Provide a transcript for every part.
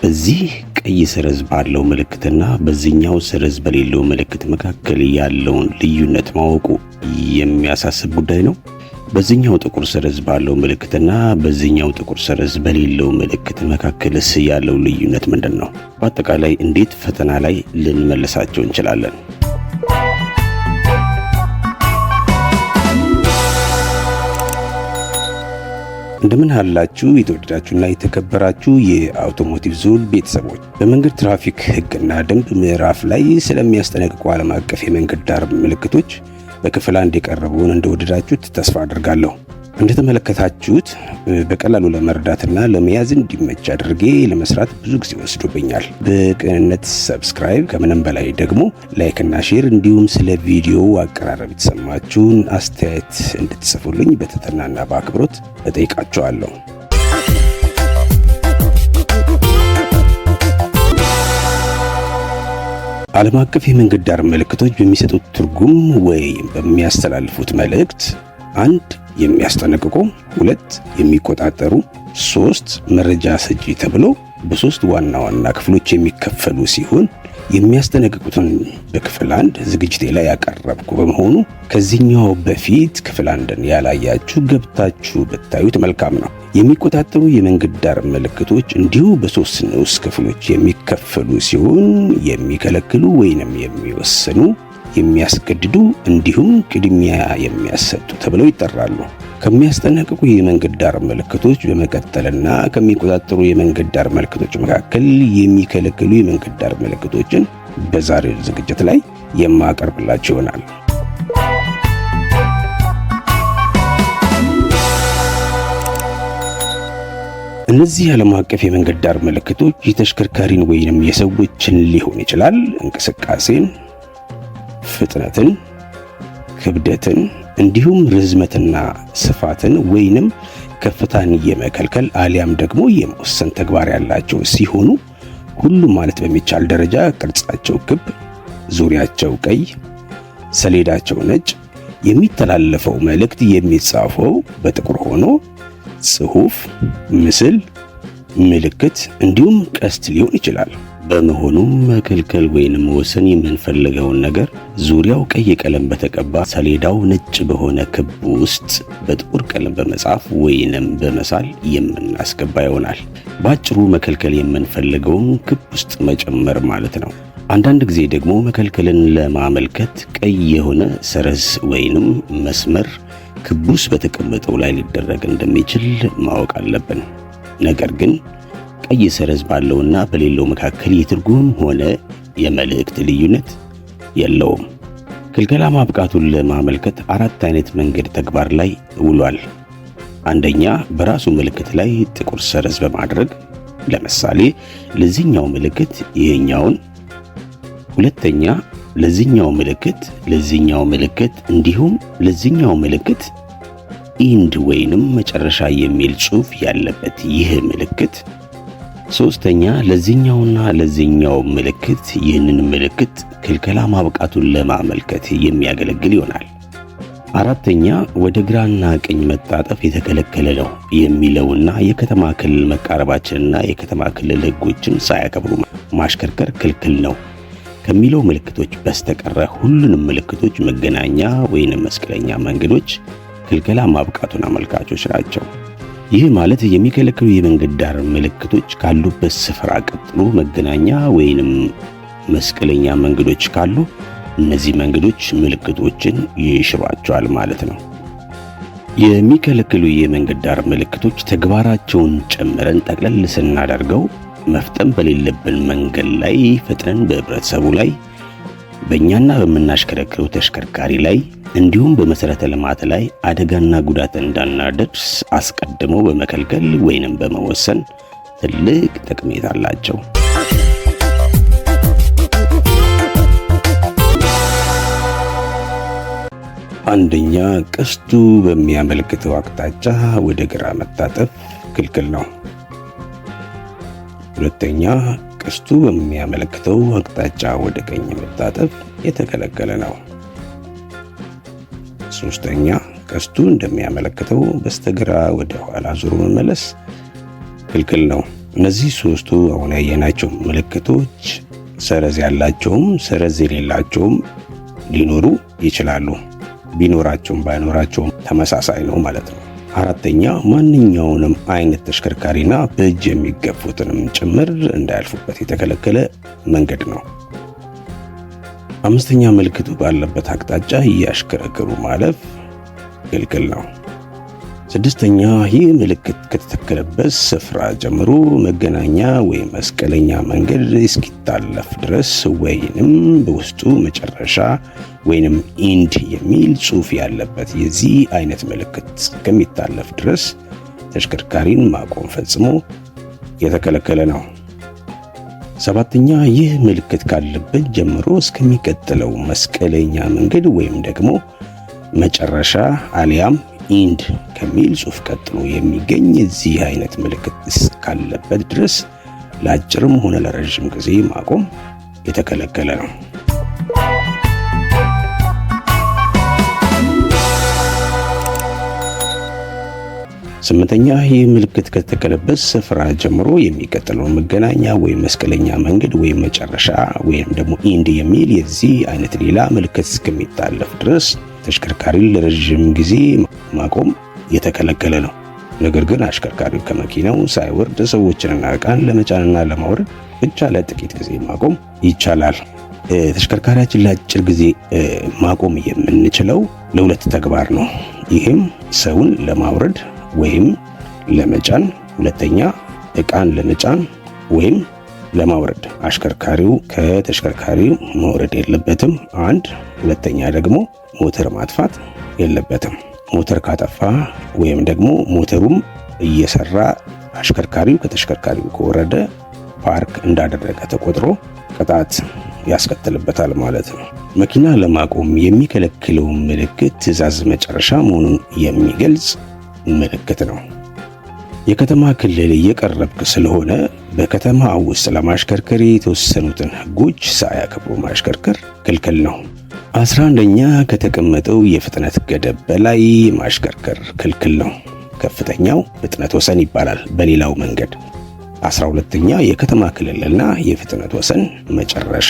በዚህ ቀይ ሰረዝ ባለው ምልክትና በዚህኛው ሰረዝ በሌለው ምልክት መካከል ያለውን ልዩነት ማወቁ የሚያሳስብ ጉዳይ ነው። በዚህኛው ጥቁር ሰረዝ ባለው ምልክትና በዚህኛው ጥቁር ሰረዝ በሌለው ምልክት መካከልስ ያለው ልዩነት ምንድን ነው? በአጠቃላይ እንዴት ፈተና ላይ ልንመልሳቸው እንችላለን? እንደምን አላችሁ የተወደዳችሁና የተከበራችሁ የአውቶሞቲቭ ዞን ቤተሰቦች፣ በመንገድ ትራፊክ ሕግና ደንብ ምዕራፍ ላይ ስለሚያስጠነቅቁ ዓለም አቀፍ የመንገድ ዳር ምልክቶች በክፍል አንድ የቀረበውን እንደወደዳችሁት ተስፋ አድርጋለሁ። እንደተመለከታችሁት በቀላሉ ለመረዳትና ለመያዝ እንዲመች አድርጌ ለመስራት ብዙ ጊዜ ወስዶብኛል። በቅንነት ሰብስክራይብ፣ ከምንም በላይ ደግሞ ላይክና ሼር እንዲሁም ስለ ቪዲዮ አቀራረብ የተሰማችሁን አስተያየት እንድትጽፉልኝ በትህትናና በአክብሮት እጠይቃችኋለሁ። ዓለም አቀፍ የመንገድ ዳር ምልክቶች በሚሰጡት ትርጉም ወይም በሚያስተላልፉት መልእክት አንድ የሚያስጠነቅቁ፣ ሁለት የሚቆጣጠሩ፣ ሶስት መረጃ ሰጪ ተብሎ በሶስት ዋና ዋና ክፍሎች የሚከፈሉ ሲሆን የሚያስጠነቅቁትን በክፍል አንድ ዝግጅቴ ላይ ያቀረብኩ በመሆኑ ከዚህኛው በፊት ክፍል አንድን ያላያችሁ ገብታችሁ ብታዩት መልካም ነው። የሚቆጣጠሩ የመንገድ ዳር ምልክቶች እንዲሁ በሶስት ንዑስ ክፍሎች የሚከፈሉ ሲሆን የሚከለክሉ ወይንም የሚወስኑ የሚያስገድዱ እንዲሁም ቅድሚያ የሚያሰጡ ተብለው ይጠራሉ። ከሚያስጠነቅቁ የመንገድ ዳር ምልክቶች በመቀጠልና ከሚቆጣጠሩ የመንገድ ዳር ምልክቶች መካከል የሚከለክሉ የመንገድ ዳር ምልክቶችን በዛሬው ዝግጅት ላይ የማቀርብላቸው ይሆናል። እነዚህ ዓለም አቀፍ የመንገድ ዳር ምልክቶች የተሽከርካሪን ወይንም የሰዎችን ሊሆን ይችላል እንቅስቃሴን ፍጥነትን፣ ክብደትን እንዲሁም ርዝመትና ስፋትን ወይንም ከፍታን የመከልከል አሊያም ደግሞ የመወሰን ተግባር ያላቸው ሲሆኑ ሁሉም ማለት በሚቻል ደረጃ ቅርጻቸው ክብ፣ ዙሪያቸው ቀይ፣ ሰሌዳቸው ነጭ፣ የሚተላለፈው መልእክት የሚጻፈው በጥቁር ሆኖ ጽሑፍ፣ ምስል፣ ምልክት እንዲሁም ቀስት ሊሆን ይችላል። በመሆኑም መከልከል ወይንም መወሰን የምንፈልገውን ነገር ዙሪያው ቀይ ቀለም በተቀባ ሰሌዳው ነጭ በሆነ ክብ ውስጥ በጥቁር ቀለም በመጻፍ ወይንም በመሳል የምናስገባ ይሆናል። በአጭሩ መከልከል የምንፈልገውን ክብ ውስጥ መጨመር ማለት ነው። አንዳንድ ጊዜ ደግሞ መከልከልን ለማመልከት ቀይ የሆነ ሰረዝ ወይንም መስመር ክቡስ በተቀመጠው ላይ ሊደረግ እንደሚችል ማወቅ አለብን። ነገር ግን ቀይ ሰረዝ ባለውና በሌለው መካከል የትርጉም ሆነ የመልእክት ልዩነት የለውም። ክልከላ ማብቃቱን ለማመልከት አራት አይነት መንገድ ተግባር ላይ ውሏል። አንደኛ በራሱ ምልክት ላይ ጥቁር ሰረዝ በማድረግ ለምሳሌ ለዚህኛው ምልክት ይሄኛውን፣ ሁለተኛ ለዚህኛው ምልክት ለዚህኛው ምልክት እንዲሁም ለዚህኛው ምልክት ኢንድ ወይንም መጨረሻ የሚል ጽሑፍ ያለበት ይህ ምልክት ሶስተኛ ለዚህኛውና ለዚህኛው ምልክት ይህንን ምልክት ክልከላ ማብቃቱን ለማመልከት የሚያገለግል ይሆናል። አራተኛ ወደ ግራና ቀኝ መጣጠፍ የተከለከለ ነው የሚለውና የከተማ ክልል መቃረባችንና የከተማ ክልል ሕጎችን ሳያከብሩ ማሽከርከር ክልክል ነው ከሚለው ምልክቶች በስተቀረ ሁሉንም ምልክቶች መገናኛ ወይንም መስቀለኛ መንገዶች ክልከላ ማብቃቱን አመልካቾች ናቸው። ይህ ማለት የሚከለክሉ የመንገድ ዳር ምልክቶች ካሉበት ስፍራ ቀጥሎ መገናኛ ወይንም መስቀለኛ መንገዶች ካሉ እነዚህ መንገዶች ምልክቶችን ይሽሯቸዋል ማለት ነው። የሚከለክሉ የመንገድ ዳር ምልክቶች ተግባራቸውን ጨምረን ጠቅለል ስናደርገው መፍጠን በሌለብን መንገድ ላይ ፈጥነን በህብረተሰቡ ላይ በእኛና በምናሽከረክረው ተሽከርካሪ ላይ እንዲሁም በመሰረተ ልማት ላይ አደጋና ጉዳት እንዳናደርስ አስቀድሞ በመከልከል ወይንም በመወሰን ትልቅ ጠቀሜታ አላቸው። አንደኛ፣ ቀስቱ በሚያመለክተው አቅጣጫ ወደ ግራ መታጠፍ ክልክል ነው። ሁለተኛ ቀስቱ በሚያመለክተው አቅጣጫ ወደ ቀኝ መታጠፍ የተከለከለ ነው። ሶስተኛ፣ ቀስቱ እንደሚያመለክተው በስተግራ ወደ ኋላ ዙሮ መመለስ ክልክል ነው። እነዚህ ሶስቱ አሁን ያየናቸው ምልክቶች ሰረዝ ያላቸውም ሰረዝ የሌላቸውም ሊኖሩ ይችላሉ። ቢኖራቸውም ባይኖራቸውም ተመሳሳይ ነው ማለት ነው። አራተኛ ማንኛውንም አይነት ተሽከርካሪና በእጅ የሚገፉትንም ጭምር እንዳያልፉበት የተከለከለ መንገድ ነው። አምስተኛ ምልክቱ ባለበት አቅጣጫ እያሽከረከሩ ማለፍ ክልክል ነው። ስድስተኛ ይህ ምልክት ከተተከለበት ስፍራ ጀምሮ መገናኛ ወይም መስቀለኛ መንገድ እስኪታለፍ ድረስ ወይንም በውስጡ መጨረሻ ወይንም ኢንድ የሚል ጽሑፍ ያለበት የዚህ አይነት ምልክት እስከሚታለፍ ድረስ ተሽከርካሪን ማቆም ፈጽሞ የተከለከለ ነው። ሰባተኛ ይህ ምልክት ካለበት ጀምሮ እስከሚቀጥለው መስቀለኛ መንገድ ወይም ደግሞ መጨረሻ አሊያም ኢንድ ከሚል ጽሑፍ ቀጥሎ የሚገኝ የዚህ አይነት ምልክት እስካለበት ድረስ ለአጭርም ሆነ ለረዥም ጊዜ ማቆም የተከለከለ ነው። ስምንተኛ ይህ ምልክት ከተተከለበት ስፍራ ጀምሮ የሚቀጥለው መገናኛ ወይም መስቀለኛ መንገድ ወይም መጨረሻ ወይም ደግሞ ኢንድ የሚል የዚህ አይነት ሌላ ምልክት እስከሚታለፍ ድረስ ተሽከርካሪን ለረዥም ጊዜ ማቆም የተከለከለ ነው። ነገር ግን አሽከርካሪው ከመኪናው ሳይወርድ ሰዎችንና ዕቃን ለመጫንና ለማውረድ ብቻ ለጥቂት ጊዜ ማቆም ይቻላል። ተሽከርካሪያችን ለአጭር ጊዜ ማቆም የምንችለው ለሁለት ተግባር ነው። ይህም ሰውን ለማውረድ ወይም ለመጫን፣ ሁለተኛ ዕቃን ለመጫን ወይም ለማውረድ። አሽከርካሪው ከተሽከርካሪው መውረድ የለበትም። አንድ ሁለተኛ ደግሞ ሞተር ማጥፋት የለበትም። ሞተር ካጠፋ ወይም ደግሞ ሞተሩም እየሰራ አሽከርካሪው ከተሽከርካሪው ከወረደ ፓርክ እንዳደረገ ተቆጥሮ ቅጣት ያስከትልበታል ማለት ነው። መኪና ለማቆም የሚከለክለው ምልክት ትዕዛዝ መጨረሻ መሆኑን የሚገልጽ ምልክት ነው። የከተማ ክልል እየቀረብክ ስለሆነ በከተማ ውስጥ ለማሽከርከር የተወሰኑትን ህጎች ሳያከብሩ ማሽከርከር ክልክል ነው። አስራ አንደኛ ከተቀመጠው የፍጥነት ገደብ በላይ ማሽከርከር ክልክል ነው። ከፍተኛው ፍጥነት ወሰን ይባላል በሌላው መንገድ። አስራ ሁለተኛ የከተማ ክልልና የፍጥነት ወሰን መጨረሻ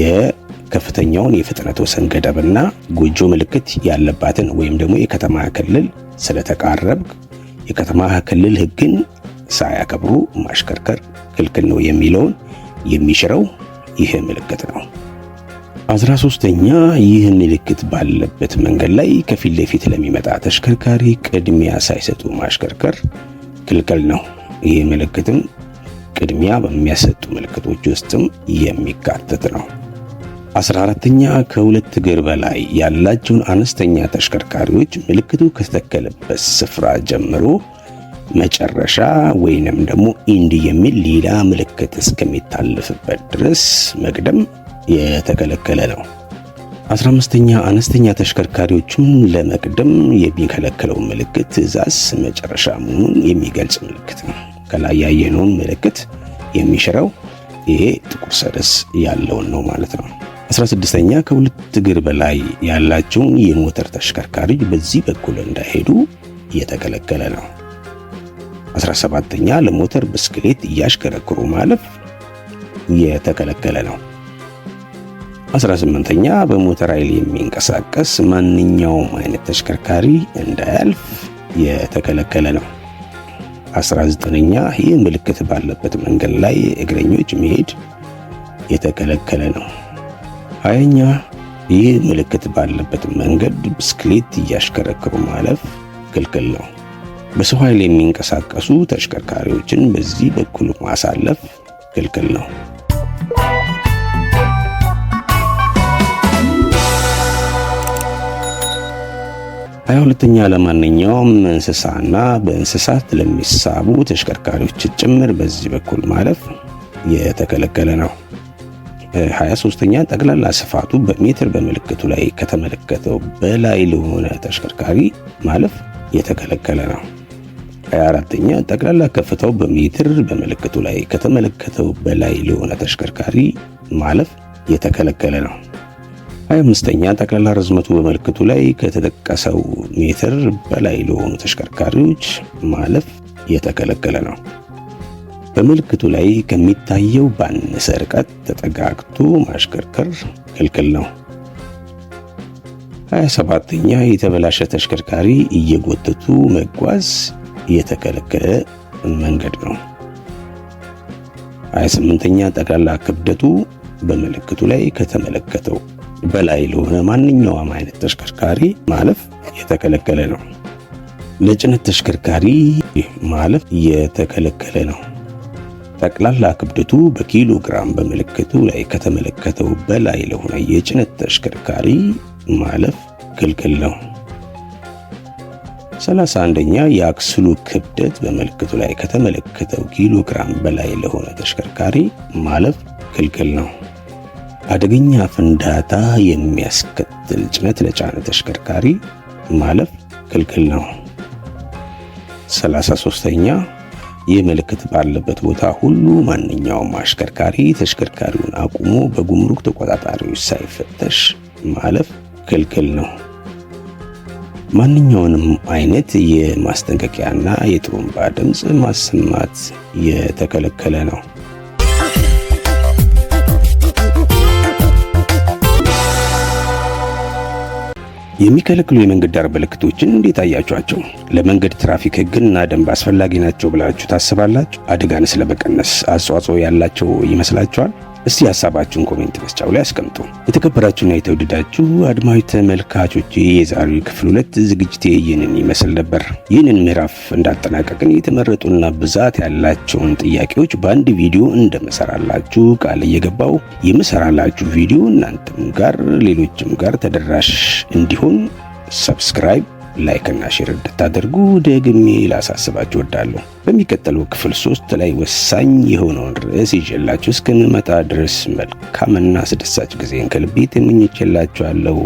የከፍተኛውን የፍጥነት ወሰን ገደብና ጎጆ ምልክት ያለባትን ወይም ደግሞ የከተማ ክልል ስለተቃረብ። የከተማ ክልል ህግን ሳያከብሩ ማሽከርከር ክልክል ነው የሚለውን የሚሽረው ይህ ምልክት ነው። አስራ ሶስተኛ ይህ ምልክት ባለበት መንገድ ላይ ከፊት ለፊት ለሚመጣ ተሽከርካሪ ቅድሚያ ሳይሰጡ ማሽከርከር ክልክል ነው። ይህ ምልክትም ቅድሚያ በሚያሰጡ ምልክቶች ውስጥም የሚካተት ነው። 14ኛ ከሁለት እግር በላይ ያላቸውን አነስተኛ ተሽከርካሪዎች ምልክቱ ከተተከለበት ስፍራ ጀምሮ መጨረሻ ወይንም ደግሞ ኢንድ የሚል ሌላ ምልክት እስከሚታለፍበት ድረስ መቅደም የተከለከለ ነው። 15ኛ አነስተኛ ተሽከርካሪዎችን ለመቅደም የሚከለክለው ምልክት ትዕዛዝ መጨረሻ መሆኑን የሚገልጽ ምልክት ነው። ከላይ ያየነውን ምልክት የሚሽረው ይሄ ጥቁር ሰደስ ያለውን ነው ማለት ነው። 16ኛ ከሁለት እግር በላይ ያላቸውን የሞተር ተሽከርካሪዎች በዚህ በኩል እንዳይሄዱ እየተከለከለ ነው። 17ኛ ለሞተር ብስክሌት እያሽከረክሩ ማለፍ እየተከለከለ ነው። 18ኛ በሞተር ኃይል የሚንቀሳቀስ ማንኛውም አይነት ተሽከርካሪ እንዳያልፍ የተከለከለ ነው። 19ኛ ይህ ምልክት ባለበት መንገድ ላይ እግረኞች መሄድ የተከለከለ ነው። ሀያኛ ይህ ምልክት ባለበት መንገድ ብስክሌት እያሽከረከሩ ማለፍ ክልክል ነው። በሰው ኃይል የሚንቀሳቀሱ ተሽከርካሪዎችን በዚህ በኩል ማሳለፍ ክልክል ነው። ሀያ ሁለተኛ ለማንኛውም እንስሳና በእንስሳት ለሚሳቡ ተሽከርካሪዎች ጭምር በዚህ በኩል ማለፍ የተከለከለ ነው። 23ኛ ጠቅላላ ስፋቱ በሜትር በምልክቱ ላይ ከተመለከተው በላይ ለሆነ ተሽከርካሪ ማለፍ የተከለከለ ነው። 24ኛ ጠቅላላ ከፍታው በሜትር በምልክቱ ላይ ከተመለከተው በላይ ለሆነ ተሽከርካሪ ማለፍ የተከለከለ ነው። 25ኛ ጠቅላላ ርዝመቱ በምልክቱ ላይ ከተጠቀሰው ሜትር በላይ ለሆኑ ተሽከርካሪዎች ማለፍ የተከለከለ ነው። በምልክቱ ላይ ከሚታየው ባነሰ ርቀት ተጠጋግቶ ማሽከርከር ክልክል ነው። 27ኛ የተበላሸ ተሽከርካሪ እየጎተቱ መጓዝ የተከለከለ መንገድ ነው። 28ኛ ጠቅላላ ክብደቱ በምልክቱ ላይ ከተመለከተው በላይ ለሆነ ማንኛውም አይነት ተሽከርካሪ ማለፍ የተከለከለ ነው። ለጭነት ተሽከርካሪ ማለፍ የተከለከለ ነው። ጠቅላላ ክብደቱ በኪሎ ግራም በምልክቱ ላይ ከተመለከተው በላይ ለሆነ የጭነት ተሽከርካሪ ማለፍ ክልክል ነው። 31ኛ የአክስሉ ክብደት በምልክቱ ላይ ከተመለከተው ኪሎ ግራም በላይ ለሆነ ተሽከርካሪ ማለፍ ክልክል ነው። አደገኛ ፍንዳታ የሚያስከትል ጭነት ለጫነ ተሽከርካሪ ማለፍ ክልክል ነው። 33ኛ ይህ ምልክት ባለበት ቦታ ሁሉ ማንኛውም አሽከርካሪ ተሽከርካሪውን አቁሞ በጉምሩክ ተቆጣጣሪዎች ሳይፈተሽ ማለፍ ክልክል ነው። ማንኛውንም አይነት የማስጠንቀቂያና የጥሩምባ ድምፅ ማሰማት የተከለከለ ነው። የሚከለክሉ የመንገድ ዳር ምልክቶችን እንዴት አያችኋቸው? ለመንገድ ትራፊክ ህግና ደንብ አስፈላጊ ናቸው ብላችሁ ታስባላችሁ? አደጋን ስለመቀነስ አስተዋጽኦ ያላቸው ይመስላችኋል? እስቲ ሀሳባችሁን ኮሜንት መስጫው ላይ አስቀምጡ። የተከበራችሁና የተወደዳችሁ አድማዊ ተመልካቾች የዛሬ ክፍል ሁለት ዝግጅቴ ይህንን ይመስል ነበር። ይህንን ምዕራፍ እንዳጠናቀቅን የተመረጡና ብዛት ያላቸውን ጥያቄዎች በአንድ ቪዲዮ እንደመሰራላችሁ ቃል እየገባው የመሰራላችሁ ቪዲዮ እናንተም ጋር ሌሎችም ጋር ተደራሽ እንዲሆን ሰብስክራይብ ላይክ እና ሼር እንድታደርጉ ደግሜ ላሳስባችሁ እወዳለሁ። በሚቀጥለው ክፍል ሶስት ላይ ወሳኝ የሆነውን ርዕስ ይዤላችሁ እስከምመጣ ድረስ መልካምና አስደሳች ጊዜን ከልቤ ተመኝቼላችኋለሁ።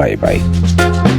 ባይ ባይ።